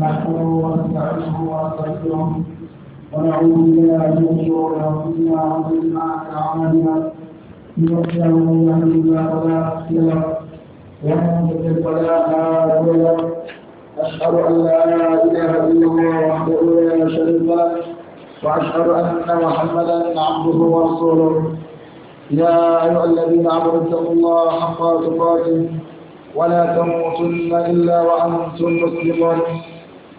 نحمده ونستعينه ونستغفره ونعوذ بالله من شرور انفسنا ومن سيئات اعمالنا من يهده الله فلا مضل له ومن فلا هادي له اشهد ان لا اله الا الله وحده لا شريك له واشهد ان محمدا عبده ورسوله يا ايها الذين امنوا اتقوا الله حق تقاته ولا تموتن الا وانتم مسلمون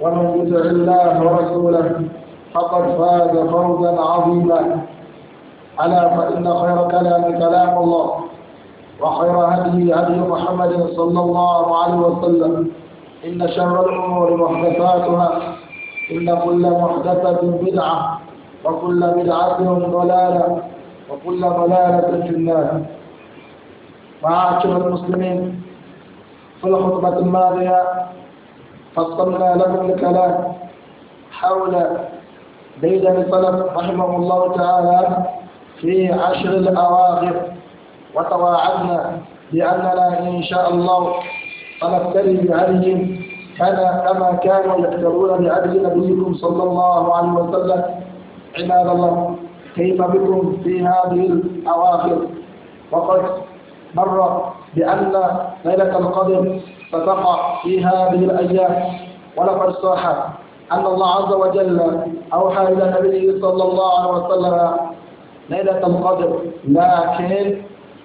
ومن يطع الله ورسوله فقد فاز فوزا عظيما ألا فإن خير كلام كلام الله وخير هدي هدي محمد صلى الله عليه وسلم إن شر الأمور محدثاتها إن كل محدثة بدعة وكل بدعة ضلالة وكل ضلالة في النار معاشر المسلمين في الخطبة الماضية فصلنا لهم الكلام حول بيد السلف رحمه الله تعالى في عشر الأواخر وتواعدنا بأننا إن شاء الله سنفتري بعليهم كما كما كانوا يفترون بعلي نبيكم صلى الله عليه وسلم عباد الله كيف بكم في هذه الأواخر وقد مر بأن ليلة القدر فتقع في هذه الأيام ولقد صح أن الله عز وجل أوحى إلى نبيه صلى الله عليه وسلم ليلة القدر لكن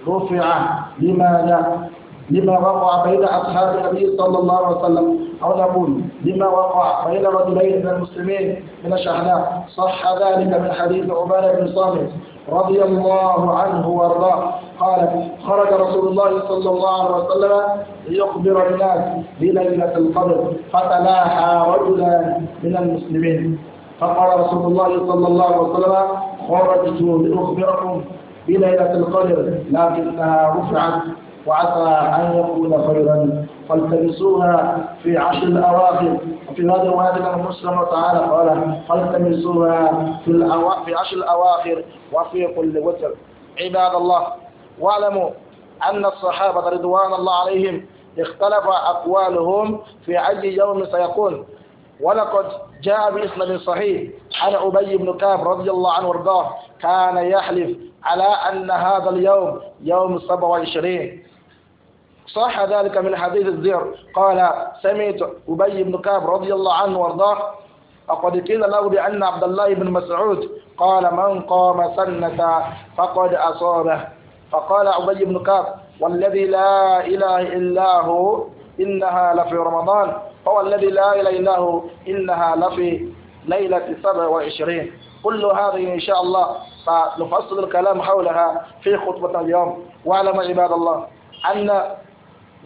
رفع لماذا؟ لما وقع بين أصحاب النبي صلى الله عليه وسلم أو نقول لما وقع بين رجلين من المسلمين من الشحناء صح ذلك من حديث عبادة بن صامت رضي الله عنه وارضاه قال خرج رسول الله صلى الله عليه وسلم ليخبر الناس بليلة القدر فتلاحى رجلا من المسلمين فقال رسول الله صلى الله عليه وسلم خرجت لأخبركم بليلة القدر لكنها رفعت وعسى أن يكون خيرا فالتمسوها في عشر الأواخر وفي هذا وهذا المسلم تعالى قال فالتمسوها في, الأوا... في عشر الأواخر وفي كل وتر عباد الله واعلموا أن الصحابة رضوان الله عليهم اختلف أقوالهم في أي يوم سيكون ولقد جاء بإسناد صحيح عن أبي بن كعب رضي الله عنه وارضاه كان يحلف على أن هذا اليوم يوم 27 صح ذلك من حديث الزير قال سمعت أبي بن كعب رضي الله عنه وارضاه وقد قيل له بأن عبد الله بن مسعود قال من قام سنة فقد أصابه فقال أبي بن كعب والذي لا إله إلا هو إنها لفي رمضان هو الذي لا إله إلا هو إنها لفي ليلة 27 كل هذه إن شاء الله سنفصل الكلام حولها في خطبة اليوم واعلم عباد الله أن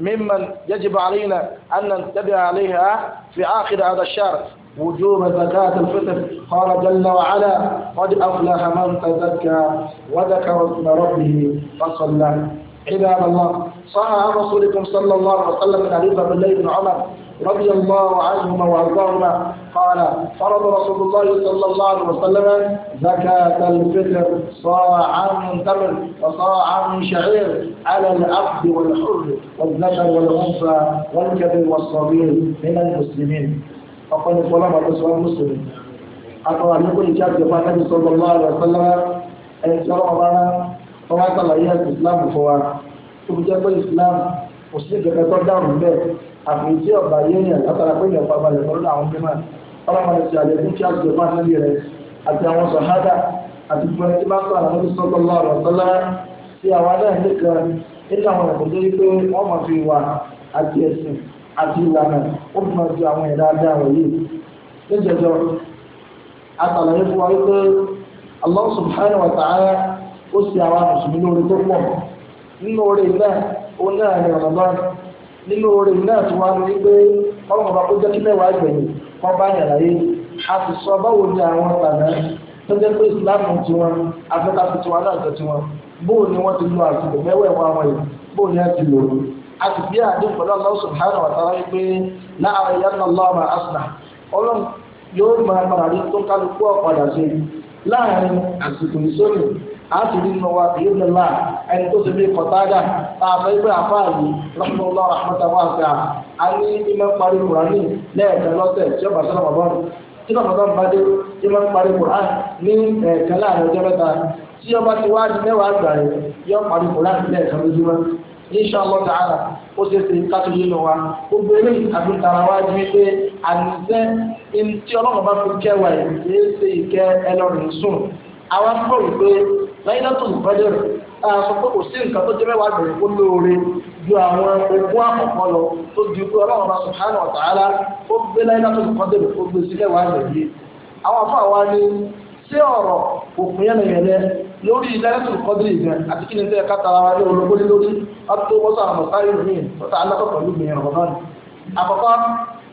ممن يجب علينا أن ننتبه عليها في آخر هذا الشهر وجوب زكاة الفطر قال جل وعلا قد أفلح من تزكى وذكر اسم ربه فصلى عباد الله صح عن رسولكم صلى الله عليه وسلم من حديث عبد الله بن عمر رضي الله عنهما وارضاهما قال فرض رسول الله صلى الله عليه وسلم زكاة الفطر صاعا من تمر وصاعا من شعير على العبد والحر والذكر والأنثى والكبير والصغير من المسلمين فقال الصلاة والسلام المسلمين لكل شاب إجابة النبي صلى الله عليه وسلم أن شرع لنا فوات الله الإسلام فوات ثم جاء الإسلام مسلم كتاب دار من البيت a tí ọba yéèyàn látara pé ìyẹn ọba balẹ̀ lọ́dọ̀ àwọn mímọ́ ọlọ́mọdé ti àlẹ́ fún kí a jọ máa a rẹ̀ àti àwọn sàhádà àti gbọ́n tí máa ń sọ̀rọ̀ lọ́dún sọ́tọ́ lọ́rọ̀ sọ́lá tí àwa náà nìkan nínú àwọn ẹ̀kọ́ tó yí pé wọ́n máa fi wà àti ẹ̀sìn àti ìlànà ó fi máa ju àwọn ẹ̀dá àtàlàyé fún wa nínú orin náà tí wọ́n ní pé ọlọ́run bá kó jẹ́ kí Asụsụ gbẹ̀yìn bá yàrá yé a sì sọ báwo ni àwọn tànà tó jẹ́ pé ìsìláàmù tiwọn afẹ́ká fi tiwọn náà jẹ tiwọn ni ti wọn yìí ni ti lò ó a sì bí àdéhùn pẹ̀lú ọlọ́run subhanahu wa ta'ala pé láàrin yẹn náà lọ́wọ́ máa asùnà ọlọ́run àtúndì nínú wa kì í ní náà ẹni tó ti bí kọ̀tádà tá a fẹ́ gbé àfáàlì lọ́kùnrin rahmata wa ta a ní ìmọ̀ parí kùránì lẹ́ẹ̀kan lọ́sẹ̀ tí ó bá sọ́nà bàbá rẹ̀ tí ó bá sọ́nà bàbá dé ìmọ̀ parí kùránì ní ẹ̀ẹ̀kan láàrin ọjọ́ mẹ́ta tí ó bá ti wá di mẹ́wàá gbà rẹ̀ yọ parí kùránì lẹ́ẹ̀kan lójúmọ́ inshallah ta'ala ó ṣe ṣe kátó yìí wa gbogbo eléyìí àti tara wa pé àníṣe tí ọlọ́run fi kẹwàá yìí ṣe é ṣe ìkẹ́ ẹlọ́run sùn àwa kọ̀ wípé Laylatul Qadr sọ pé kò sí nǹkan tó jẹ́ mẹ́wàá bẹ̀rẹ̀ kó lóore ju àwọn ogún àkọ́kọ́ lọ tó di pé ọlọ́run bá subhanahu wa ta'ala ó gbé Laylatul Qadr ó gbé sí mẹ́wàá bẹ̀rẹ̀ àwọn afọ àwa ni ṣé ọ̀rọ̀ òkun yẹn yẹn lórí Laylatul Qadr ìgbẹ́ àti kí ni tẹ́ ká tara wa ní olóko ní lórí ọtí wọ́n sọ àwọn sáré mi ọ̀tá alákọ̀ pẹ̀lú mi ẹ̀rọ náà àkọ́kọ́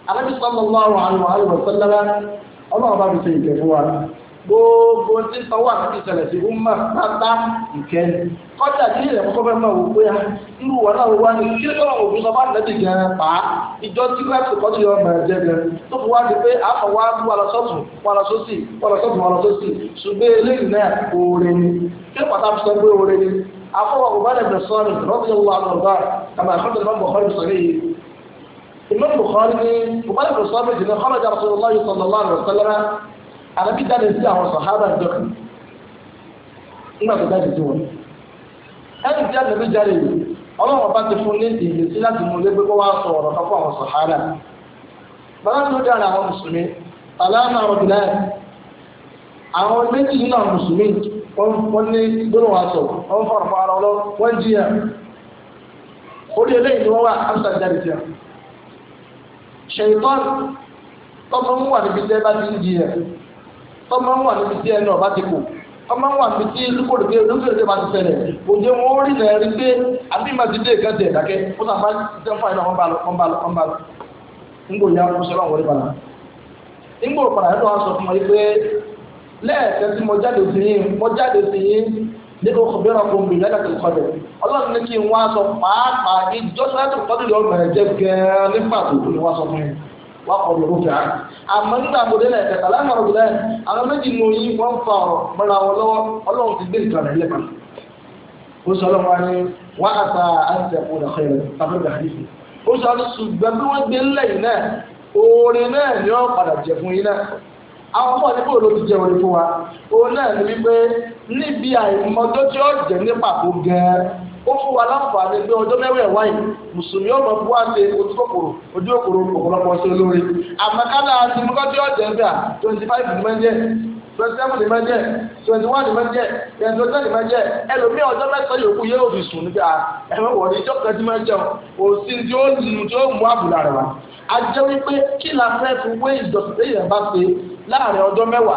alábìsọ́lọ́lọ́ gbogbo tí sanwó àti ìṣẹ̀lẹ̀ sí ń mọ̀ pátá ìkẹni kọjá tí ilẹ̀ kọ́kọ́ fẹ́ mọ̀ wò pé irú wọn náà wá ní kí ló ń òfin sọfá nẹ́ẹ̀dì gan pa ìjọ tí wẹ́ẹ̀sì kan tó yọ ọmọ ẹ̀jẹ̀ gan tó fi wá di pé àfọ̀ wá bú alọ́sọ́tún wọn alọ́sọ́sì wọn alọ́sọ́tún wọn alọ́sọ́sì ṣùgbọ́n eléyìí náà oore ni kí pàtàkì sọ pé ni afọwọ́ kò bá ni kò bá sallallahu alaihi wa àdàbí jáde sí àwọn sàhábà ìjọkàn nígbà tó jáde sí wọn ẹni tí àdàbí jáde yìí ọlọ́run bá ti fún ní láti mú lé gbogbo wa sọ ọ̀rọ̀ kan àwọn sàhábà bàbá tó dára àwọn mùsùlùmí aláàmà ọ̀dùnà àwọn méjì nínú àwọn mùsùlùmí wọ́n ní gbólóhùn wa sọ ọlọ́ orí eléyìí ni wọ́n wà jáde sí ọmọ ń wà níbi tí ẹnu ọba ti kù ọmọ ń wà níbi tí olùkọ́dùkẹ́ olùkọ́dùkẹ́ bá ti ṣẹlẹ̀ òjò wọn ó rí nà ẹrí pé àbí màdídé kan tẹ̀ dákẹ́ ó nà bá jẹ́ fún àyìnbá wọn bá lọ wọn bá lọ wọn bá lọ ńgbò ya kó sọ́rọ̀ wọlé balà ńgbò padà yẹn tó wá sọ fún mi pé lẹ́ẹ̀kẹ́ tí mo jáde sí yín mo jáde sí yín nígbà kọ̀bẹ́rọ̀ kò mí lẹ́dà tó kọ́ dẹ̀ ọlọ́run ní kí n wá sọ pàápàá ìjọ́sọ́lá tó kọ́ dùn lọ́rùn rẹ̀ jẹ́ gẹ́ẹ́ nípa tó ni wá sọ fún yín wákọ̀ọ̀lù rúfẹ́ á. àmọ́ nígbà àbòdé náà ẹ̀kẹta láàmúrò bí lẹ́yìn àwọn méjì nù yín wọ́n fa ọ̀rọ̀ mọ́ra wọn lọ́wọ́ ọlọ́run ti gbé nǹkan rẹ̀ lẹ́kàn. ó sọ lọ́wọ́ ni wọ́n á ta àìsẹ̀kù nàkẹ́ rẹ̀ tàbí gàdífì. ó sọ ní ṣùgbọ́n bí wọ́n gbé lẹ́yìn náà oore náà ni wọ́n padà jẹ fún yín náà. àwọn ọmọ níbo ló ti jẹ orin fún wa òun náà ni wípé níbi àìmọ̀dọ́ tí ó jẹ ní pàtó gẹ́ẹ́ ó fún wa láǹfààní ojo ọjọ́ mẹ́wẹ̀ẹ́ wáyé mùsùlùmí ọmọ bú àti ojú otu okoro kòkòrò ọ̀pọ̀lọpọ̀ sí olórí àmọ́kálá twenty five ní twenty seven ní twenty one ní mẹ́jẹ̀ twenty seven ní mẹ́jẹ̀ ẹlòmíì ọjọ́ mẹ́sàn-án yòókù yẹ́ òfin sùn níbẹ̀ ẹ̀rọ wọ̀ ní ìjọba a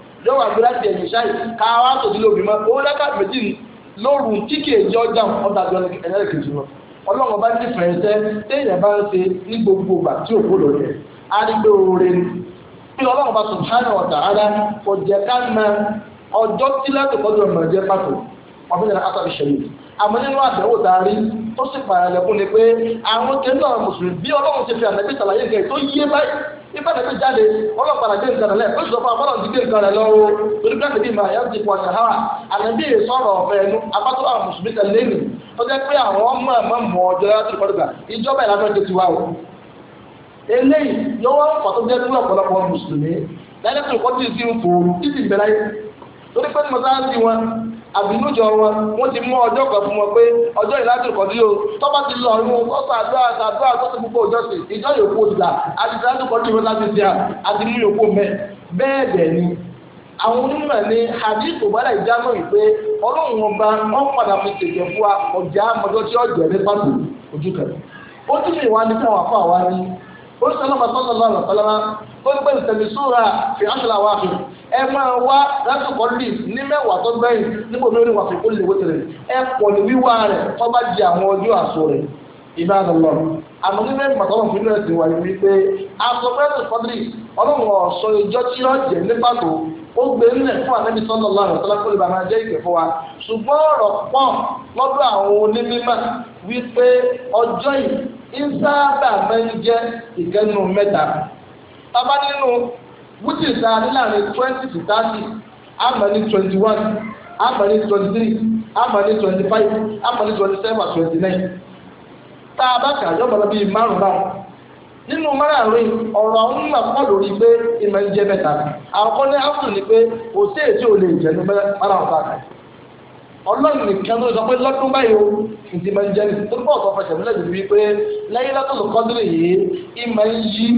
yóò wà gbé láti ẹ̀yìn ṣáì ká wá tòdí lóbi mọ́ owó lẹ́ka méjì lóru tí kìí jẹ́ ọjà ọ̀dà bí ẹlẹ́kẹ̀jì lọ ọlọ́run bá ti fẹ̀yìn sẹ́ téèyàn bá ń ṣe ní gbogbo ìgbà tí òkú lò yẹ arígbé oore ni bí ọlọ́run bá subhanahu wa ta'ala kò jẹ́ ká mọ ọjọ́ tí láti kọ́jú ọmọ ẹ̀jẹ̀ pàtó ọ̀bí nira kátà fi ṣẹlẹ̀ àmọ́ nínú àdánwò tá a rí tó sì pààyàn lẹ́kún ni pé àwọn kẹ́ńtà mùsùlùmí bí ọlọ́run ti fi àmẹ́bí sàlàyé nǹkan tó yé báyìí nípa na jáde ọlọ́pàá dé nǹkan rẹ̀ ó sì sọ fún abọ́dọ̀ dídé nǹkan rẹ̀ lọ́wọ́ torí pé àtẹ̀lé ìmọ̀ àyà ti pọ̀ àyàhárà ànàbí sọ̀rọ̀ ọ̀fẹ́ ẹnu abátọ́ àwọn mùsùlùmí tẹ̀lé nì ó pé àwọn ọmọ o. eléyìí pàtó mùsùlùmí kọ́ àbínújọ wọn wọn ti mú ọjọ́ kan fún wọn pé ọjọ́ ọjọọ kan tí yóò tọ́ba ti lọ ọ̀run wọn kọ́sà àdúrà àdúrà àtọ́sí gbogbo ọjọ́ sí ìjọ yòókù òdìlà àti ìlàjò kan yóò láti ṣe àti mú yòókù bẹ́ẹ̀ ni àwọn onímọ̀ ni yìí pé ọba wọn padà fi fún wa ọjà ọjọ́ tí ó jẹ́ ní pàtó ẹ máa wá lásìkò leaf ní mẹ́wàá tó gbẹ̀yìn nígbà mi ò ní wàásù kólé wọ́n tẹ̀lé ẹ pọ̀ ní wíwá rẹ̀ tó bá di àwọn ọjọ́ àṣọ rẹ̀ ìbá lọ. àmọ́ nínú ẹ̀gbọ́n tó ń fi náà ti wáyé wípé aṣọ fẹ́rẹ̀ fọ́dírì ọlọ́run ọ̀ṣọ́ ìjọ tí ó jẹ́ ní pàtó ó gbé nílẹ̀ fún àtẹ́bí sọ́nà ọlọ́run tó lápẹ́ olùbàmọ́ ajẹ́ ìpè fún wa ṣùgbọ́n ọ̀rọ̀ pọ̀ lọ́dọ̀ àwọn onímọ̀ wípé ọjọ́ yìí ń sábà máa ń jẹ́ ìkẹ́nu mẹ́ta. tábà nínú wútì ta ní láàrin twenty to thirty àmọ́ ní twenty one àmọ́ ní twenty three àmọ́ ní twenty five àmọ́ ní twenty seven twenty a bá kà yọ bọ̀lọ́ bíi márùn báwọn nínú márààrin ọ̀rọ̀ àwọn mímọ̀ pọ̀ lórí pé ìmọ̀ ń jẹ mẹ́ta àkọ́kọ́ ní ni pé kò sí èsì ò lè ní báwọn ọlọ́run nìkan ló sọ pé o ìdí ń ní tó fẹsẹ̀ pé lẹ́yìn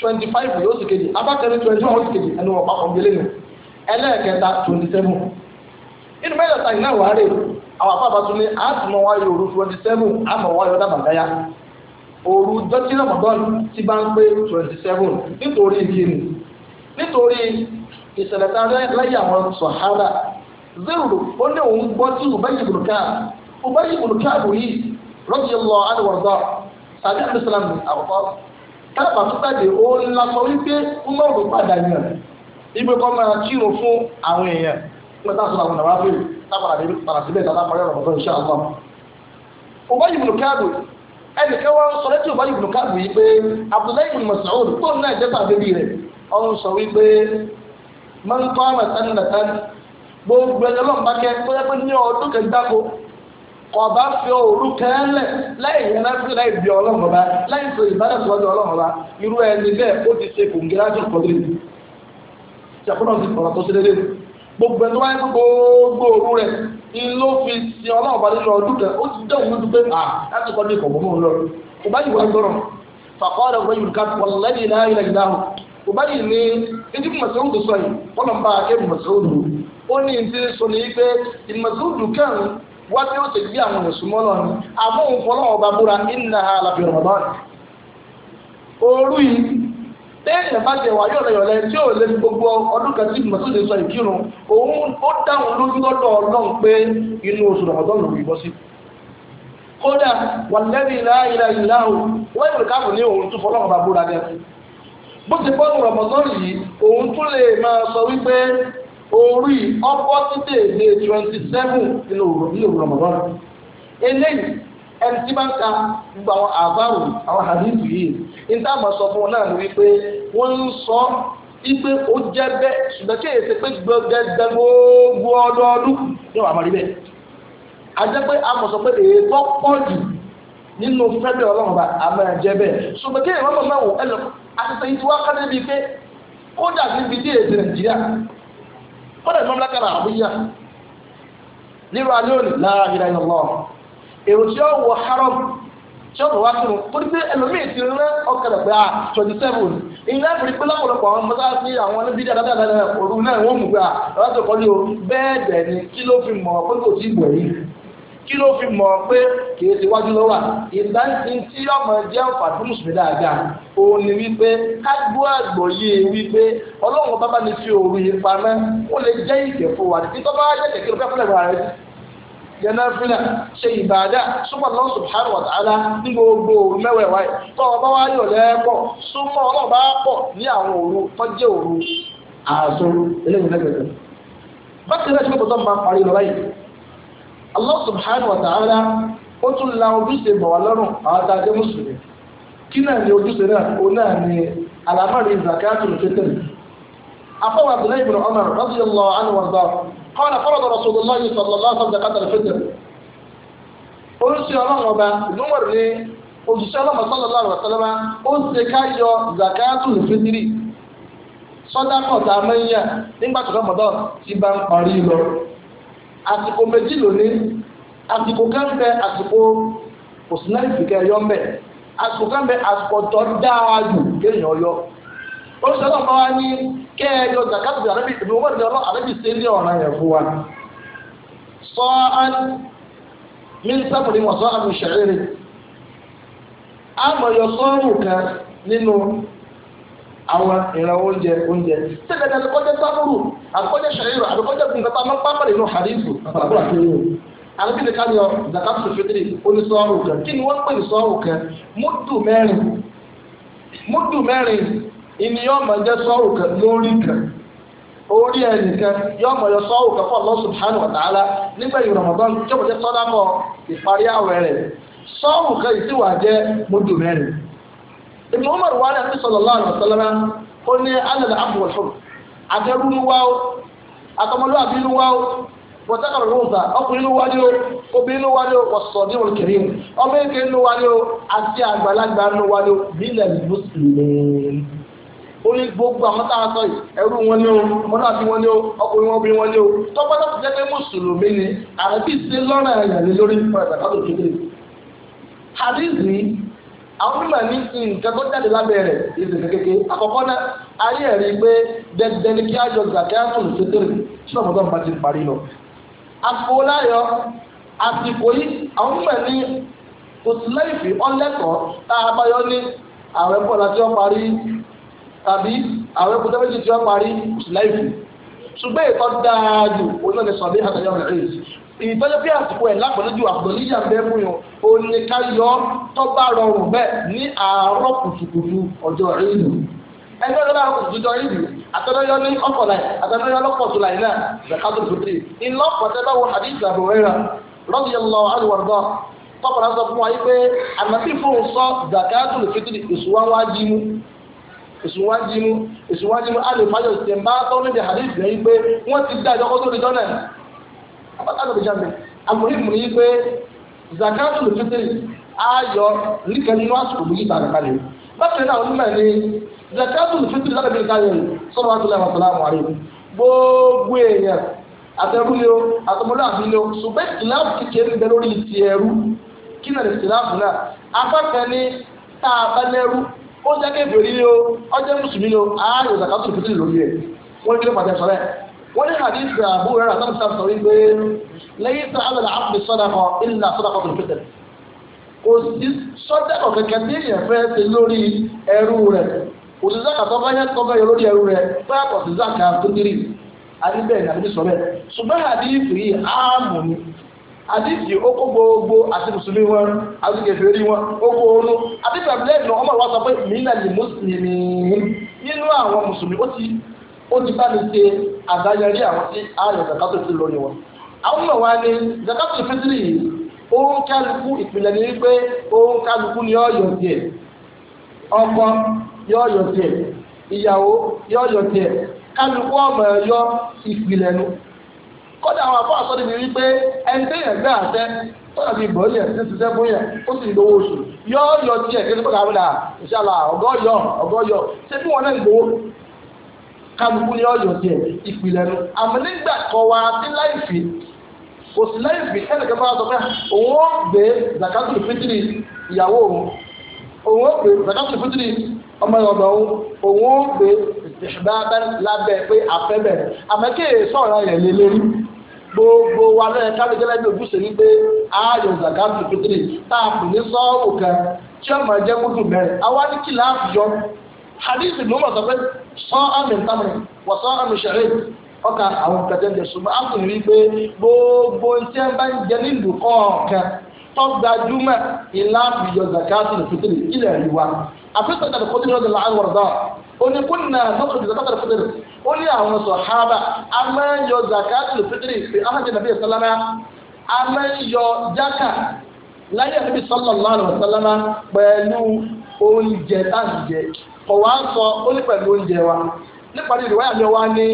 twenty five yóò sì kejì abákẹ́rẹ́ twenty one ó sì kejì ẹnu wọn papọ̀ gbélé nu ẹlẹ́ẹ̀kẹta twenty seven inú mẹ́jọ ta iná wàá rè àwọn afáàbà tún ní àtúmọ̀ wáyé òru twenty seven àmọ̀ wáyé ọ̀dà bàdáyà òru dọ́tí ramadan ti bá ń pé twenty seven nítorí ìkíni nítorí ìṣẹ̀lẹ̀ tá a láyé àwọn sọ̀hárà zéèrò ó ní òun gbọ́ tí Ubayy ibn Ka'b Ubayy ibn Ka'b yìí radiyallahu anhu àdìwọ̀dọ́ sàdé àdìsílámù àkọ́kọ́ káàpà tó tàdé ó ń la sọ wípé umaru padà yàn ibi kọ́ máa kírun fún àwọn èèyàn nígbà tá a sọ àwọn àwọn abẹ́rẹ́ tábàrà débi padà síbẹ̀ tá a parí ọ̀rọ̀ fún iṣẹ́ àwọn. Ubayy ibn Ka'b ẹnì kan wọ́n sọ létí Ubayy ibn Ka'b yìí pé Abdullahi ibn Mas'ud tó ń náà jẹ́ta bébí rẹ̀ ó ń sọ wípé man qama sanatan gbogbo ẹ̀yọ́ lọ́nbakẹ́ tó yẹ pé ní ọdún kẹgbàgbọ́ kọba fi òru bí ọba lẹ́yìn tó ìbára sọ́dọ̀ ọlọ́run ọba irú ẹni bẹ́ẹ̀ ó ti ṣe kòǹgẹ́rẹ́ àti ìkọ́lé ṣàkóso ti tó ṣe gbogbo ẹni wáyé gbogbo òru ìlú fi ṣe ọba nínú ọdún kan ó ti dẹ́ òun lójú pé láti kọ́ ní ìkọ̀gbọ́n mọ́ lọ ìbáyìí wà gbọ́rọ̀ fàkọ́ọ̀rọ̀ wọ́n yìí ká lẹ́yìn náà wọ́n tí ó ti gbé àwọn ìsúnmọ́ lọ ní àmóhun fọlọ́wọ́ bá búra iná àlàfi rọ̀mọ́n òru yìí téèyàn bá ṣe wà yọ̀lẹ̀yọ̀lẹ̀ tí ò lè gbogbo ọdún kan tí mọ̀tò lè sọ ìkírun òun ó dáhùn lójú lọ́dọ̀ ọlọ́run pé inú oṣù rọ̀mọ́dọ́n lòun ìbọ́ sí kódà wàlẹ́rì ìlàhìlà ìlàhùn wọ́n ìrìn káàbù ní òun tún fọlọ́wọ́ bá orí ọpọ́sídẹ̀ ní twenty seven nínú Ramadan eléyìí ẹni tí bá ń ka gbogbo àwọn àwọn hadithu yìí ní tá a máa sọ fún wọn náà ni wípé wọ́n ń sọ ó kí èsì pé gbẹgbẹ gbogbo ọdọọdún ní máa rí pé a mọ̀ sọ pé pọ̀ jù nínú fẹ́bẹ̀ ọlọ́run jẹ́ kí wò kọ́dà ní mọ́mílákà náà àbúyá nílùú alóòlì lára ìlà ìlọ́ èrò tí ó wọ haram tí ó bọ̀ wá sínú torí pé ẹlòmíì ti rẹ ọkẹlẹ pé a ah, twenty seven ìyá ìfúri pé lápòlọpọ̀ àwọn mọ́sáàsì àwọn níbi dáadáa dáadáa òru náà wọ́n a ah, ní o bẹ́ẹ̀ dẹ̀ ni kí ló fi mọ̀ pé kò kí ló fi mọ̀ pé kì í síwájú ló wà ìgbà tí ọmọ jẹ́ ọ̀fàdú mùsùlùmí dáadáa òun ni wípé kágbó àgbòye wípé ọlọ́run bábá ni fi òru yìí pamẹ́ ó lè jẹ́ ìkẹ́ fún wa títí tọ́ba jẹ́ kẹ̀kẹ́ ló fẹ́ fúnlẹ̀ rẹ̀ rẹ̀ yẹnà fúnlẹ̀ ṣe ìbàdà súnmọ́ lọ́wọ́ subhanahu wa ta'ala ní gbogbo òru mẹ́wẹ̀ẹ́ wáyé tọ́ ọba wa yọ̀ lẹ́ẹ̀pọ̀ súnmọ́ ọlọ́run bá pọ̀ ní àwọn òru tọ́jú òru àṣọrú eléyìí lẹ́gbẹ̀ẹ́ bákan náà ṣe pé tó máa parí lọ báyìí Allah subhanahu wa ta'ala ó tún la ojúṣe bọ̀ wá lọ́rùn àwọn tá a jẹ́ mùsùlùmí kí náà ni ojúṣe náà ó náà ni alámọ̀rí zakatul fitr أخوه عبد الله بن عمر رضي الله عنه وارضاه قال فرض رسول الله صلى الله عليه وسلم زكاة الفطر أرسل الله أبا عمر لي أرسل الله صلى الله عليه وسلم أزكاة زكاة الفطر صدقة عمية nígbà tó Ramadan ti bá ń parí lọ àsìkò méjì lónìí àsìkò kẹfẹ àsìkò personality kẹyọ mbẹ àsìkò kẹfẹ àsìkò tó dáa jù kéèyàn yọ olùsọ̀rọ̀ ọ̀pá wa ní kẹ́ẹ̀yọ zakatu arabi ìbí wọ́n lọ́rọ̀ arabi ṣe ní ọ̀nà yẹn fún wa sọ án mí sábùrì wọ́n sọ àmì ṣẹ̀rẹ̀rẹ̀ àmọ̀ yọ sọ́ọ̀rù kan nínú àwọn ìran oúnjẹ oúnjẹ tí dandan ni kọjá sáfúrù àkọjá ṣàyẹ̀rọ àbíkọjá fún nǹkan máa ń pápá nínú hadithu àbúrò àti ìlú alábìlẹ káyọ zakatul fitri onísọọrù kan kí ni wọn pè ní sọọrù kan múdù mẹ́rin múdù mẹ́rin ìníyàn máa jẹ sọọrù kan lórí kan orí ẹnìkan yóò mọ̀ yọ sọ́wọ́ kẹfọ́ Allah subhanahu wa ta'ala nígbà yìí Ramadan jọ́bọ̀jẹ́ sọ́dákọ̀ ìparí àwẹ̀ rẹ̀ kan ìsìwà Ibn Umar wà ní àti sallallahu alaihi wasallam ó ní alẹ́lẹ́ àbúwọ̀ fún àtẹ́rù ní wá o àtọmọlú àbí ní wá o pọ̀tẹ́kọ̀rọ̀ rúùsà ọkùnrin ní ní o ní wọn kiri ọmọ gbogbo ẹrú àwọn mímọ̀ ní nǹkan tó jáde lábẹ́ rẹ̀ ìsìn kékeré àkọ́kọ́ náà ayé ẹ̀rí pé dẹ́dẹ́ ní kí á jọ zakatul fitr tí ọmọdé ọmọ ti parí lọ. àfọláyọ àsìkò yìí àwọn mímọ̀ ní òsínlẹ́yìnfì ọ̀lẹ́kọ̀ọ́ tá a bá yọ ní àwọn ẹ̀kọ́ láti ọ parí tàbí àwọn ẹ̀kọ́ tẹ́lẹ̀ tí ó parí òsínlẹ́yìnfì ṣùgbọ́n ìtọ́ dáa jù onílẹ̀ sọ̀bí àtàyọ̀ rẹ̀ ìtọ́jọ́ pé àsìkò ẹ̀ lápẹ̀lójú àgbọ̀níyà ń bẹ́ fún yàn ó ní ká yọ tọ́ba rọrùn bẹ́ẹ̀ ní àárọ̀ kùtùkùtù ọjọ́ ìlú ẹgbẹ́ ọ̀dọ́ náà kùtùkùtù ọjọ́ ìlú àtọ́jọ́ ní ọkọ̀lá àtọ́jọ́ lọ́pọ̀tùlá yìí náà zakato fitri iná pọ̀tẹ́ bá wọ hadith àbúrẹ́ra radiyallahu anhu wàrúdọ́ tọ́kọ̀lá sọ fún wa yìí pé àmọ́tí fún sọ zakato fitri ìṣùwáwájímú ìṣùwájímú ìṣùwájímú alẹ́ fàyọ̀ tẹ̀ ń bá tọ́ níbi hadith rẹ̀ yìí pé wọ́n ti dá ìjọkọ́ tó di jọ́nà alábìjá mi amúhìmù yìí pé zakatul fitri ayọ̀ nìkan nínú àsìkò mi yìí tààrà kalẹ̀ bákan náà onímọ̀ ni zakatul fitri lábẹ́ mi kalẹ̀ sọ́dọ̀ wà tilẹ̀ wàsálà àmọ́rẹ́ gbogbo èèyàn àtẹ̀kùnlé o àtọmọlẹ́ àbílẹ̀ o ṣùgbọ́n ìtìláàfù kékeré ń bẹ lórí ti ẹrú kí náà ìtìláàfù náà afẹ́fẹ́ ní tá a bá lẹ́rú ó jẹ́ kébèrè o ó jẹ́ mùsùlùmí o ààrẹ zakatul fitri lórí rẹ̀ wọ́n kí ló pàtẹ́ sọ́rẹ́ wọ́n ní hadith Abu Hurairah sọ́nà sọ́nà sọ wípé lẹ́yìn tó alẹ́ àpè sọ́dà kan ìlà sọ́dà kan tó tẹ̀lé kò sí sọ́dà kan kẹ̀kẹ́ tí èèyàn fẹ́ ṣe lórí ẹrú rẹ̀ kò sí zaka tó báyà tó báyà lórí ẹrú rẹ̀ báyà kò sí zaka tó dírì àdìbẹ̀ àdìbẹ̀ sọ bẹ́ẹ̀ ṣùgbọ́n hadith yìí áàmù ni hadith yìí ó kó gbogbo àti mùsùlùmí wọn àti kẹfẹ́rí wọn ó kó onú àdìbẹ̀ àbílẹ̀ ìnáwó ọmọ ìwà sọ pé mí ó ti bá mi ṣe àdáyẹrí àwọn tí ààyè zakato ti lórí wọn. àwọn mọ̀ wá ní zakato fitiri yìí òun kálukú ìpìlẹ̀ ní wípé òun kálukú ni ó yọ tiẹ̀ ọkọ yóò yọ tiẹ̀ ìyàwó yóò yọ tiẹ̀ kálukú ọmọ ẹ̀ yọ ìpìlẹ̀ nu kọ́dà àwọn àbọ̀ àsọ́dí mi rí pé ẹni téèyàn gbé àtẹ tọ́lá fi bọ̀ yẹn ti ṣiṣẹ́ fún yẹn ó sì lówó oṣù yóò yọ tiẹ̀ kí ló kọ́ àwọn ọ̀gọ́ yọ ọ̀gọ́ yọ ṣé bí wọ́n náà gbowó kálukú ní ọ̀yọ̀ díẹ̀ ìpìlẹ̀ nu àmì nígbà kan wá sí láìfì kò sí láìfì ẹnìkan bá sọ pé òun ó gbé zakatu fitiri ìyàwó òun òun ó gbé zakatu fitiri ọmọ ìrọ̀bà òun òun ó gbé ìṣẹ̀dáadá lábẹ́ pé afẹ́bẹ̀ àmọ́kéè sọ̀rọ̀ yẹn lé lérí gbogbo wa lọ́yẹ kábí gẹ́lẹ́ bí ojúṣe ní pé ayò zakatu fitiri tá a kò ní sọ́ọ̀rù kan tí ọmọ ẹ̀jẹ̀ kúndùn mẹ́rin àwa ní kìlá àfijọ́ hadith ló mọ̀ sọ pé sọ́ọ́ àmì tamri wà sọ́ọ́ àmì ṣẹ̀rẹ́ ọkà àwọn kẹtẹ́jẹ ṣùgbọ́n a kò rí pé gbogbo iṣẹ́ bá ń jẹ nílùú kọ̀ọ̀kan tọ́gbàjúmọ̀ ìlà àbíyọ zakati lòfitiri ilẹ̀ ìwà àfihàn tàbí kó nínú ọdún láàrín wọ̀rọ̀dọ́ ó ní kó nà lọ́kùnrin bí zakati lòfitiri ó ní àwọn sọ̀hábà a máa ń yọ zakati lòfitiri fi ahàjẹ nàbí ìsàlámà a máa ń yọ jákà láyé àbíbí sọ́lọ̀ lọ́rùn ìsàlámà kọ̀ wá sọ pẹ̀lú oúnjẹ wa nípa ní ni wa ní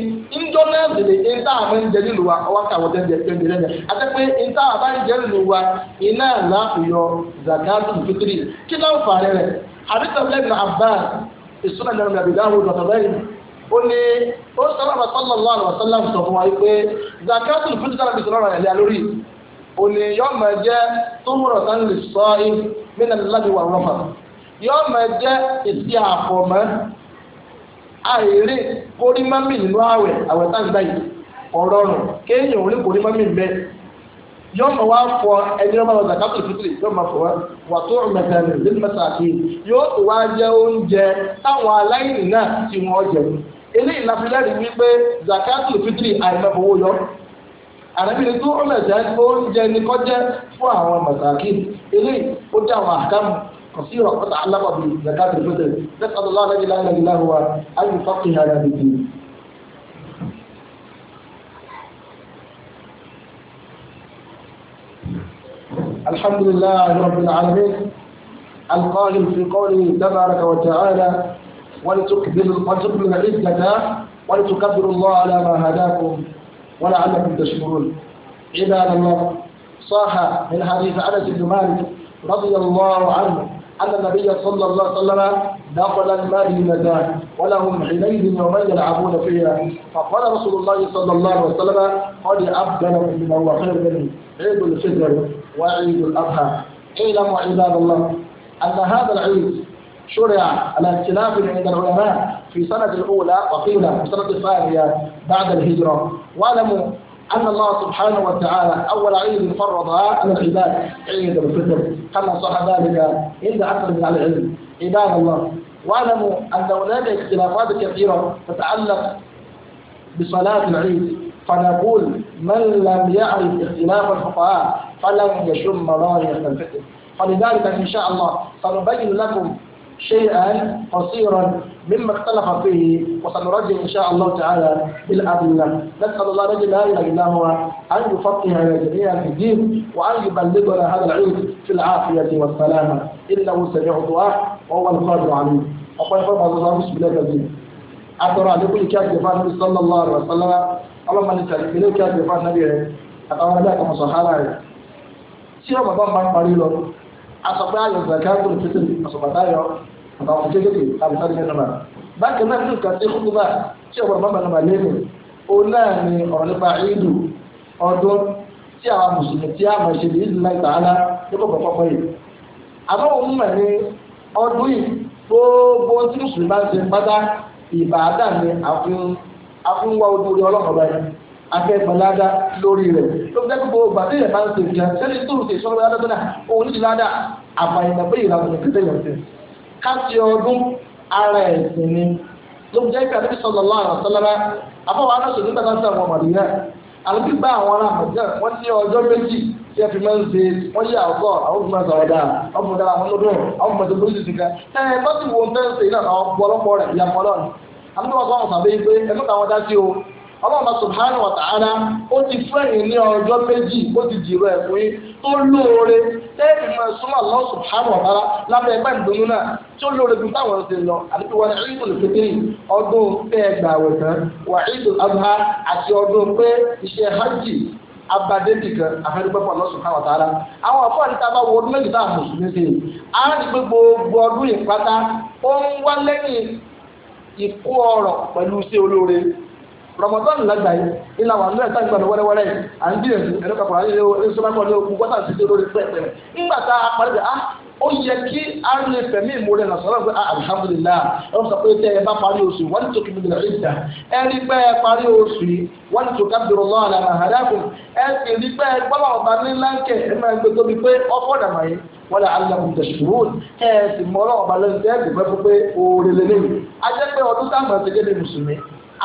ìta àwọn oúnjẹ nílùú wa ọwọ́ ká àwọn oúnjẹ oúnjẹ àti pé ìta àbá oúnjẹ nílùú wa iná láàfiyọ zakaatu fitiri kí náà fà rẹ rẹ ìsúná ó ní ó lọ́wọ́ sọ fún wa pé zakaatu fitiri sára sọ̀rọ̀ yọọ máa jẹ́ èsì àfọ̀mọ́ kori kórímọ́mì nínú àwẹ̀ àwẹ̀ táǹgbà yìí ọ̀rọ̀rùn kéèyàn orí kori ń bẹ yọ máa wá fọ ẹni ọmọ ọ̀gá kápẹ́ fitiri yọ máa fọ wá wà tó ọ̀mẹ̀tẹ̀ rẹ̀ nínú tó wá jẹ oúnjẹ táwọn aláìní náà jẹ eléyìí la fi lẹ́rìí wípé zakatul fitiri yọ tó oúnjẹ قصيرة متعلقة بزكاة الفطر نسأل الله الذي لا إله إلا هو أن يفقه هذا الدين الحمد لله رب العالمين القائل في قوله تبارك وتعالى ولتكبر ولتكبروا العزة ولتكبروا الله على ما هداكم ولعلكم تشكرون عباد الله صاح من حديث انس بن مالك رضي الله عنه أن النبي صلى الله عليه وسلم دخل المدينة ولهم عينين يومين يلعبون فيها فقال رسول الله صلى الله عليه وسلم قد أبدل من الله خير مني عيد الفطر وعيد الأضحى اعلموا عباد الله أن هذا العيد شرع على اختلاف عند العلماء في السنة الأولى وقيل في السنة الثانية بعد الهجرة واعلموا أن الله سبحانه وتعالى أول عيد فرض على العباد عيد الفطر كما صح ذلك عند أكثر من العلم عباد الله واعلموا أن هناك اختلافات كثيرة تتعلق بصلاة العيد فنقول من لم يعرف اختلاف الفقهاء فلن يشم راية الفطر فلذلك إن شاء الله سنبين لكم شيئا قصيرا مما اختلف فيه وسنرجع إن شاء الله تعالى بالأدلة نسأل الله الذي لا إله إلا هو أن يفقهنا جميعا في الدين وأن يبلغنا هذا العيد في العافية والسلامة إنه سميع الدعاء وهو القادر عليه أقول فرما الله بسم الله العظيم أترى لكل كاتب النبي صلى الله عليه وسلم اللهم أنت لكل كاتب النبي أترى لك مصحابه tí ọmọ bá máa ń parí lọ asọ̀pá ayọ̀ zakatul fitr asọ̀pàtà ayọ̀ àbàwọ̀ kékeré àbùsàdì mẹ́ta náà bákan náà tó kà sí kúkúbà tí ọ̀pọ̀ bàbá náà lẹ́nu ó náà ní ọ̀rọ̀ nípa ìdù ọdún tí àwọn mùsùlùmí tí a máa ṣe ní ìlú láì tààlà ní kò kọ̀kọ́ yìí àmọ́ òun mọ̀ ní ọdún yìí gbogbo tí mùsùlùmí bá ń ṣe pátá ìbàdàn ni àfihàn àfihàn wá ojú orí ọlọ́kọ̀ọ́ báyìí akẹ́gbọ̀nládá lórí rẹ̀ tó fẹ́ gbogbo ọgbà tí ìyẹn bá ń ṣe ìjà sẹ́ni tó ń ṣe ìṣọ́nà ládá tọ́lá òun ní ìládá àbàyìnbà pé ìlànà ìpínlẹ̀ yẹn ti. káàkiri ọdún ara ẹ̀sìn ni ló ń jẹ́ pé àdébí sọ̀rọ̀ lọ́wọ́ àwọn sọ́lára àbáwọ̀ aláṣọ nígbà tá a sọ̀rọ̀ ọmọdé náà àlùbí bá àwọn ará àmọ̀jẹ́ wọ́n ní ọjọ́ méjì tí ẹ fi máa ń ṣe wọ́n yí àwọ̀kọ́ àwọn òfin máa sọ̀rọ̀ dáa àwọn òfin dára àwọn lọ́dún àwọn òfin tó lóṣù tìka ẹ bá sì wo ń fẹ́ ṣe náà àwọn ọ̀pọ̀lọpọ̀ rẹ̀ ìyàpọ̀ lọ́rùn àmì wọn kọ́ àwọn sàbẹ̀ yìí pé ẹnu káwọn dá sí o ọlọ́ọ̀bá subhanahu wa ta'ala ó ti fún ẹ̀yìn ní ọjọ́ méjì ó ti dìrò ẹ̀ fún yín tó lóore tẹ́ẹ̀mì máa súnmọ́ Allah subhanahu wa ta'ala lábẹ́ ẹgbẹ́ ìdùnnú náà tí ó lóore dùn táwọn ṣe lọ àbí wọn ìdù fìdírì ọdún tẹ́ẹ̀gbà wẹ̀tán wà ìdù adha àti ọdún pé iṣẹ́ hajj abadébi kan afẹ́dúgbẹ́pọ̀ Allah subhanahu wa ta'ala àwọn àfọ́ àti tábà wo ọdún méjì táà mùsùlùmí sí i á ní pé gbogbo ọdún ìpátá ó ń wá lẹ́yìn ìkó ọrọ̀ pẹ̀lú iṣẹ́ olóore rọmọdọ́n lágbà yìí ilà wà nílẹ̀ tá ìgbàlú wẹ́rẹ́wẹ́rẹ́ yìí à ń gbìyànjú ẹ̀rọ kakọ̀rọ̀ ayé ìṣọ́nàkọ̀ ní ogun gbọ́dọ̀ àti ìṣòro pẹ̀pẹ̀ ńgbà tá a parí ẹ̀ ah ó yẹ kí arìnrìn fẹ̀mí ìmúlẹ̀ náà sọ̀rọ̀ pé ah, alhamdulilayi ọ̀rọ̀ sọ pé tẹ́ ẹ bá parí oṣù wọ́n tó kí nìyẹn ìdá ẹ rí pé ẹ parí oṣù yìí wọ́n tó ká bìrọ̀ lọ́wọ́ àlà àhàdákùn ẹ sì rí pé ẹ gbọ́dọ̀ ọba ní láńkẹ̀ ẹ máa gbé tóbi pé ọkọ̀ dàmà yìí wọ́n lè aláwọ̀ tẹ̀sùrùn ẹ sì mọ́ ọlọ́wọ́ ọba lẹ́nu tẹ́ ẹ sì fẹ́ fún pé oore lélẹ́yìn ajẹ́ pé ọdún táwọn ti kéde mùsùlùmí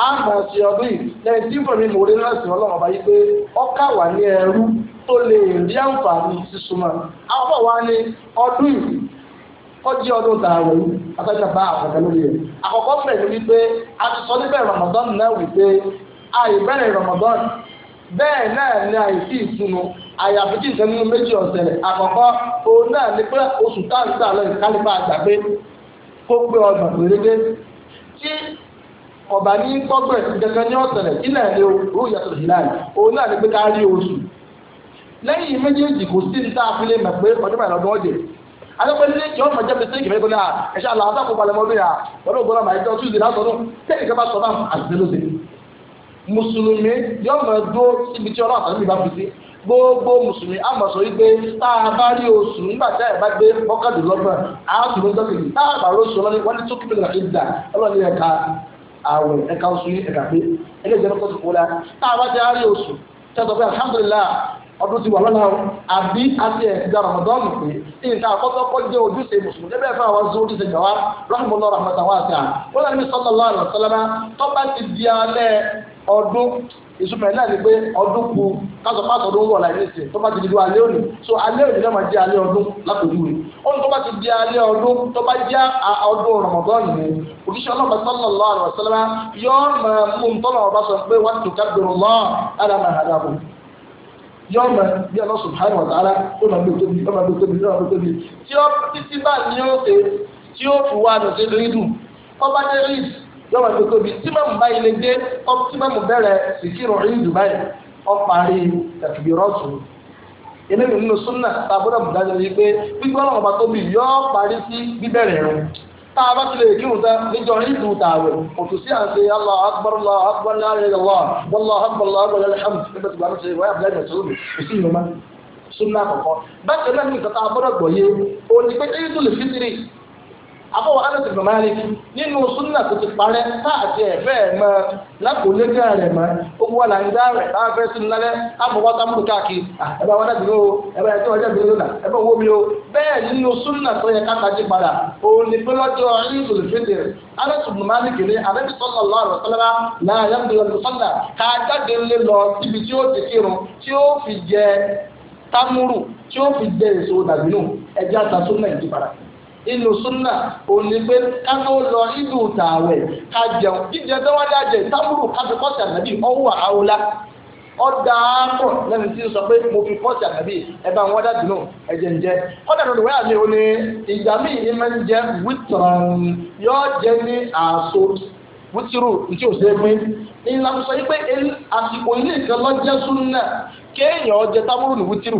àmọ̀ sí ọdún yìí lẹ́yìn tí bọ̀dé mòrè náà sì ọlọ́run ọba yìí pé ọkà wà ní ẹrú tó lè rí àǹfààní afọ ní ọdún ọdún tààrọ̀ yìí bá àkọ́kọ́ lórí àkọ́kọ́ wípé a ti sọ níbẹ̀ Ramadan náà wípé Ramadan bẹ́ẹ̀ náà ni àyàfi nǹkan nínú méjì ọ̀sẹ̀ àkọ́kọ́ òun náà ni pé oṣù lọ ọba ní tọ́gbẹ̀ gẹ́gẹ́ ní ọ̀sẹ̀lẹ̀ ilẹ̀ ilé o yàtọ̀ ìlànà òun náà ní pé ká rí oṣù lẹ́yìn méjèèjì kò sí pé ọdún ọdún ọ̀jẹ̀ alẹ́pẹ́ ní kí wọ́n mọ̀ sí ẹ̀ṣẹ́ balẹ̀ gbọ́dọ̀ máa jẹ́ gbogbo mùsùlùmí a bá rí oṣù nígbà tí àwẹ̀ ẹ̀ka oṣù yìí ẹ̀ka pé ẹlẹ́jẹ̀ ló kọ́sùn kóla tá a bá ti rárí oṣù tẹ́tọ̀ pé alhamdulillah ọdún ti wà lọ́la o àbí àti ẹ̀ka rọ̀mọdọ́ọ̀nù pé nǹkan àkọ́kọ́ kọ́ jẹ́ ojúṣe mùsùlùmí lẹ́bẹ̀ẹ́ fún àwọn zoro ti sẹ̀jọ̀ wa rahmatulah rahmatulah wa sàn wọ́n lẹ́nu sallallahu alaihi wasallam tó bá ti di alẹ́ ọdún ìsúnmọ̀ náà ni pé ọdún kù káṣọ pàṣọ ọdún wọ̀ láì nísìnyí tó bá ti di alẹ́ òní òkìṣẹ́ ọlọ́pàá sọ́nà lọ́wọ́ àrùn ọ̀sẹ́lẹ́mà yọ́ọ́ máa mú ntọ́nà ọba sọ pé wọ́n ti kábìrì lọ́ àdàmà àdàbò yọ́ọ́ máa bí ọlọ́ subhanahu wa ta'ala ó máa gbé tóbi ó máa gbé tóbi ó máa gbé tóbi tí ó títí bá ní ó ṣe tí ó fi wá àdùn sí rídù ọba dé ríd yọ́ọ́ máa gbé tóbi tí mẹ́mú báyìí lè dé tí mẹ́mú bẹ̀rẹ̀ sìkírù rídù báyìí ọ parí takbiratu tá a bá ti lè kírun tán níjọ ìdùn tààwẹ̀ òtún sí àṣẹ allah akbar allah akbar la ilaha illallah wallahu akbar allah akbar alhamdulilayi nígbà tí wàá ṣe wáyà bíláì náà sọ̀rọ̀ kò sí ìyọ̀mọ́ súnmọ́ àkọ́kọ́ bákan náà ní ìkàtà agbọ́dọ̀ gbọ̀yé òní pé éyí lè fi tiri àbọ̀wọ̀ anas ibn malik nínú súnà tó ti parẹ́ káàtì ẹ̀fẹ́ ẹ̀ mọ́ lákòólé kan rẹ̀ mọ́ ogun wa là ń dá rẹ̀ láwọn fẹ́ sínú lálẹ́ àbọ̀wọ́ támúlù káàkiri ẹ̀bá wọn dàbí o ẹ̀bá ẹ̀ tó ọjọ́ ìbílẹ̀ lónà ẹ̀bá owó mi o bẹ́ẹ̀ nínú súnà tó yẹ káàkiri padà òun ni pé lọ́jọ́ ìdùnnú fìdí anas ibn malik ni alẹ́ sọ́nà lọ́rọ̀ sọ́nà láàyè ń lọ sọ́nà ká jáde lé lọ síbi tí ó ti kírun tí ó fi jẹ támúrù tí ó fi jẹ èso dàbínú inú súnà òní pé káná ó lọ inú tààwẹ̀ ká jẹun jíjẹ tó wájú àjẹ tábùrù káfí kọ́sì ànábì ọwọ́ àwòlá ọ̀dà pọ̀ lẹ́nu tí ń sọ pé mo fi kọ́sì ànábì ẹ bá wọn dájú náà ẹ̀jẹ̀ ń jẹ ọ̀dà ló wáyà mi ò ní ìgbà míì ní máa ń jẹ wítọ̀n yọ jẹ ní àṣọ wútírù tí ò ṣe é pín ìlànà sọ yìí pé àsìkò ilé ìkan lọ́jẹ́ súnà kéèyàn ọjẹ tábùrù ní wútírù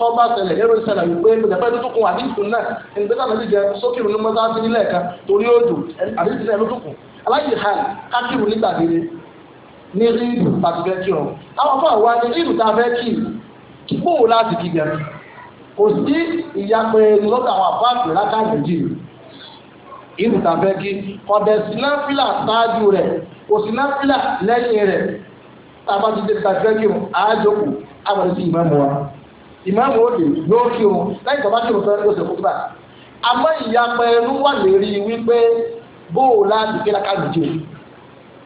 tọ́ba ṣẹlẹ̀ ẹ̀rọ ìṣẹ̀lẹ̀ wípé ìdẹ̀fẹ́ tó kún àdínkù náà ẹnìgbẹ́sà náà ti jẹ sókè ìrònú mọ́sáàsì nílẹ̀ kan torí òjò àdínkù náà ló tún kù aláyè ha kákìrù nígbàdìrẹ ní ríìdù tàbí fẹ́ kí ọ. àwọn afọ àwa ni ríìdù tá a fẹ́ kí kíkó wò láti kí gẹ̀ kò sí ìyapẹ̀ lọ́dọ̀ àwọn àbáàgbè láká méjì ríìdù tá a ọ̀dẹ̀ sináfílà ṣáájú rẹ̀ kò ìmáàmù òde yóò kí o lẹ́yìn tó bá kí o fẹ́ o sì kú àmọ́ ìyapẹ ẹnu wà lérí wípé bóòlá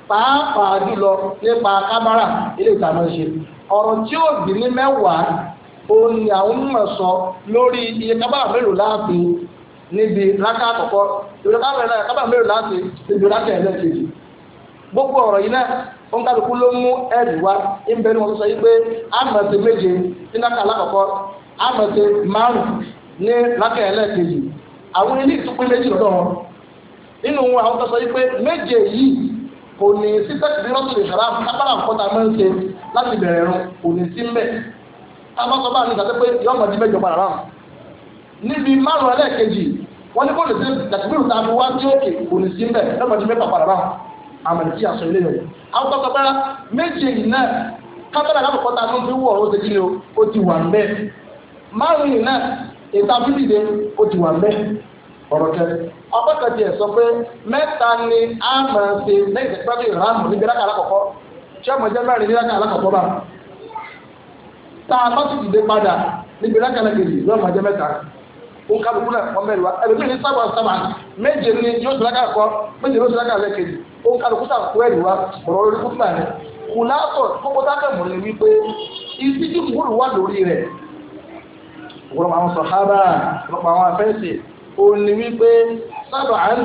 pàápàá jùlọ nípa kámárà ilé ìtàná ṣe ọ̀rọ̀ tí ó dì ní mẹ́wàá òun ni àwọn sọ lórí iye mélòó níbi gbogbo ọ̀rọ̀ yìí náà òǹkàlùkù ló mú ẹrù wá ìbẹ̀rù wọn sọ yìí a àmọ̀tẹ́ méje ní lákà alákọ̀ọ́kọ́ àmọ̀tẹ́ márùn ní lákà ẹlẹ́ẹ̀kejì àwọn ilé ìtúpín méjì lọ́dọ̀ wọn nínú àwọn sọ yìí méje yìí kò ní sí tẹ́kìdínlọ́tò ìṣàlá kábàrà nǹkọ́ta máa ń ṣe láti bẹ̀rẹ̀ rún kò ní sí mbẹ́ ní ìdájọ́ pé padà níbi márùn ẹlẹ́ẹ̀kejì wọ́n ní kò ní sí àmàlìkí àṣọ ilé yẹn àwọn tọkọtaya yìí náà kábàlà lákòókò ló ń fi o ó ti wà ńbẹ̀ márùn yìí náà ètò àfíìdìde ó ti wà ńbẹ̀ ọ̀rọ̀ kẹ ọgbẹ́kẹ̀tì ẹ̀ sọ pé mẹ́ta ni a máa ṣe lẹ́yìn ìpẹ́bí níbi alákọ̀ọ́kọ́ ọmọ jẹ́ mẹ́rin ní alákọ̀ọ́kọ́ bá bá sì dìde padà níbi alákejì jẹ́ mẹ́ta ó kálukú sàkó ẹ̀rù wa ọ̀rọ̀ orí kúta ni kò látọ̀ kókótá kẹ̀mọ́ ni wípé ibi tí kúrò wà lórí rẹ̀ ọ̀pọ̀lọpọ̀ àwọn sọ̀hábà ọ̀pọ̀lọpọ̀ àwọn afẹ́sẹ̀ òun wípé sábà à ń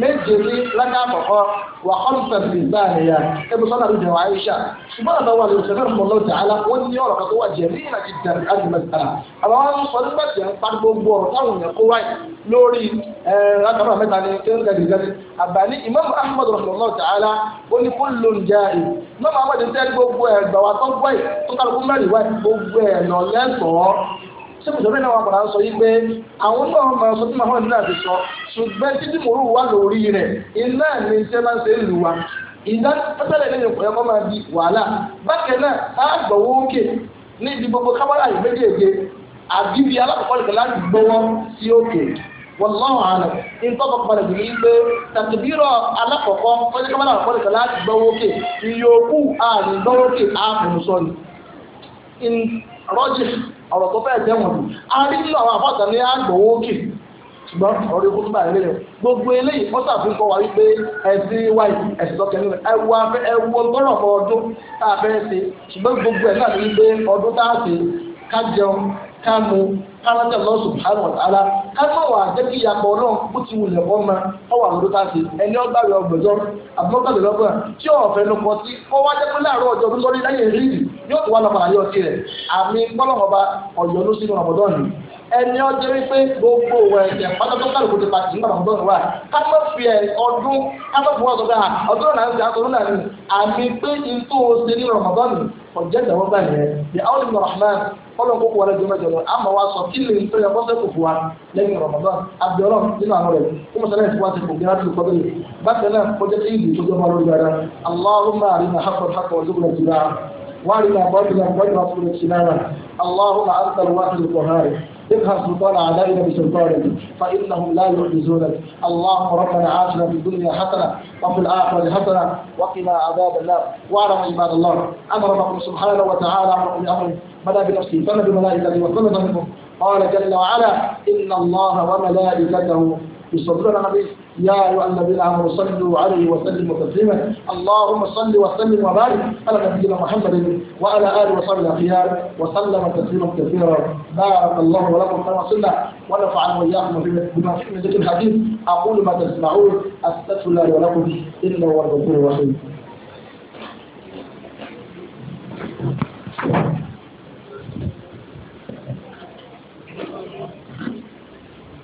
méje ní lẹ́ka àkọ́kọ́ wà kọ́ńtà bíi báyìí ẹbí sọ́nà ló dẹ̀wọ̀ àyíṣà ṣùgbọ́n àtàwọn àlejò sẹ́fẹ́ fún ọlọ́ọ̀ tààlà wọ́n ní ọ̀rọ̀ kan tó wà jẹ́ ní ìrìnàjò dàrí àdìmẹ́tàlà àwọn wọn sọ nígbà tí wọn pa gbogbo ọ̀rọ̀ táwọn èèyàn kó wáyé lórí rákàmà mẹ́ta ní kéńgà dìgbàdì àbáni imam ahmed rahmanullah ta'ala ó ní kúlò ń já ṣé kò sọ́bẹ̀ náà wà padà sọ yí pé àwọn náà máa sọ tí Muhammad náà ti sọ ṣùgbọ́n títí mòrú wà lórí rẹ̀ iná ní ṣe máa ń ṣe lù wa ìdá pẹ́tẹ́lẹ̀ nínú ìpẹ́ ọmọ máa di wàhálà bákan náà á gbọ̀wọ́ òkè ní ibi gbogbo kámárà yìí méjèèjì àbí bíi alákọ̀ọ́lù kan láti gbọ́wọ́ sí òkè wàlláhu àlọ́ ìtọ́kọ̀ padà bìí ní pé tàbíbírọ̀ alákọ̀ọ́kọ́ fọ́jọ́ kámárà àkọ́lù kan láti gbọ́wọ́ òkè ìyókù àrùn gbọ́wọ́ òkè rọ́jì ọ̀rọ̀ tó fẹ́ẹ̀ tẹ́wọ̀n ni a rí nínú àwọn àfáàtà ní àgbòwó kì ṣùgbọ́n ọ̀rọ̀ ikú tó bá ìrẹ́lẹ̀ gbogbo eléyìí wọ́n ṣàfihàn kọ́ wa wípé ẹ̀sìn wáyé ẹ̀sìn tọ́kẹ́ nínú ẹwọ afẹ́ ẹwọ tọrọ fọ ọdún tá a fẹ́ ṣe ṣùgbọ́n gbogbo ẹ̀ náà ní wípé ọdún tá a ṣe ká jẹun ká mu kárọ́tẹ̀ lọ́wọ́ subhanahu wa ta'ala ká má wà á jẹ́ kí ìyàpọ̀ náà kú ti wulẹ̀ kọ́ ma ọ wà lórí káàsì ẹni ọgbà rẹ ọgbẹ̀jọ́ àbúkọ́tàlélọ́gbọ̀n tí ọ̀fẹ́ ló pọ̀ sí ọ wá jẹ́ pé láàárọ̀ ọjọ́ tó sọ ní lẹ́yìn rí yóò tó wà lọ́pàá ayé ọtí rẹ̀ àmì pọ́lọ́mọba ọ̀yọ́ ló sínú ọmọdọ́ọ̀nù ẹni ọjọ́ wípé gbogbo ìwà ẹ̀jẹ̀ pátápátá lòkò ti pàtì nígbà ọdún wa ká má fi ẹ̀ ọdún ká má fi wọ́n sọ́kà ọdún náà ti àtọ́dún náà ni àmì pé ìtò ṣe ní Ramadan ọ̀jẹ̀ ìdàwọ́ bá yẹn ní àwọn ìmọ̀ Rahman ọlọ́run kókó wọlé jọmọ jọmọ àmọ́ wa sọ kí lè ń tó yẹ kọ́sẹ́ kò fún wa lẹ́yìn Ramadan abiola nínú àwọn rẹ̀ kó mọ̀ sẹ́lẹ̀ ìfowópamọ́ ti kò gbéra tó kọ́bẹ̀rẹ̀ bákan náà kó jẹ́ kí tó jọmọ lórí ara Allahumma arina haqqan haqqan warzuqna ittiba'ahu وارنا باطلا وارنا باطلا اجتنابا اللهم انت الواحد القهار اجهز سلطان اعدائنا بسلطانك فانهم لا يعجزونك اللهم ربنا اتنا في الدنيا حسنه وفي الاخره حسنه وقنا عذاب النار واعلم عباد الله ان ربكم سبحانه وتعالى امر بامر بدا بنفسه فما بملائكته وكل منكم قال جل وعلا ان الله وملائكته يصلون النبي يا أيها الذين آمنوا صلوا عليه وسلموا تسليما اللهم صل وسلم وبارك على نبينا محمد وعلى آله وصحبه الأخيار وسلم تسليما كثيرا بارك الله لكم كما صلى ونفعنا وإياكم بما فيه من ذكر الحديث أقول ما تسمعون أستغفر الله ولكم إنه هو الغفور الرحيم